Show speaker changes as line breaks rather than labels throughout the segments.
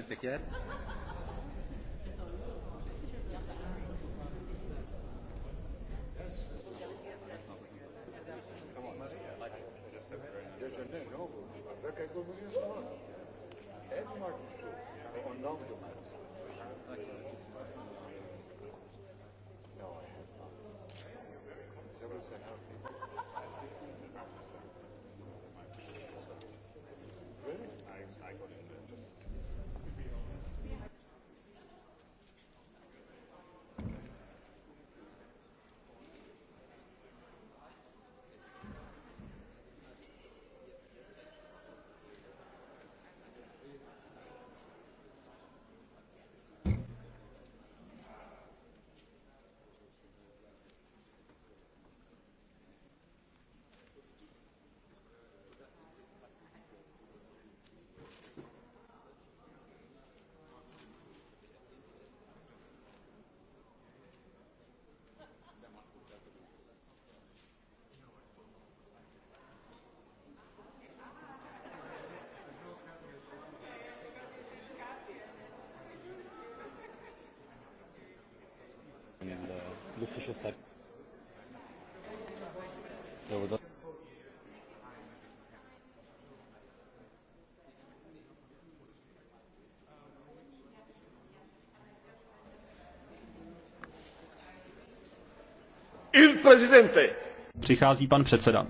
teker. no, daar No, I have not. Is that what's going to happen? This Il presidente. Přichází pan předseda.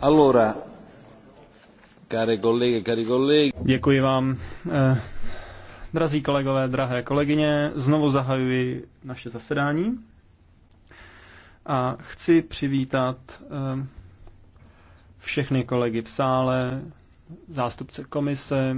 Allora, Děkuji vám. Eh, drazí kolegové, drahé kolegyně, znovu zahajuji naše zasedání a chci přivítat eh, všechny kolegy v sále, zástupce komise,